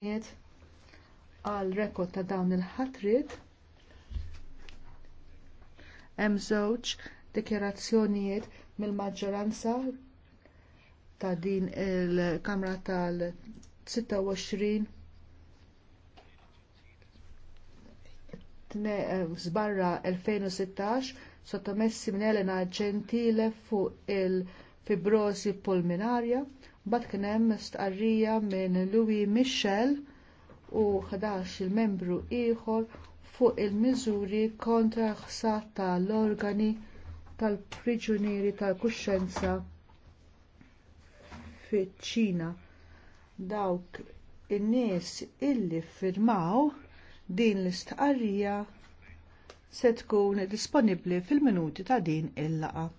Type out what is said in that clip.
għal rekord ta' dawn il ħatrid hemm żewġ dikjarazzjonijiet mill-maġġoranza ta' din il-Kamra tal-26 sbarra eh, 2016 sottomessi minn Elena Gentile fuq il- fibrosi pulminarja, bat kien hemm stqarrija minn Louis Michel u 11 il-membru ieħor fuq il-miżuri kontra ħsat tal-organi tal-priġunieri tal-kuxxenza fiċ-Ċina. Dawk in-nies illi ffirmaw din l-istqarrija se tkun disponibbli fil-minuti ta' din il laqgħa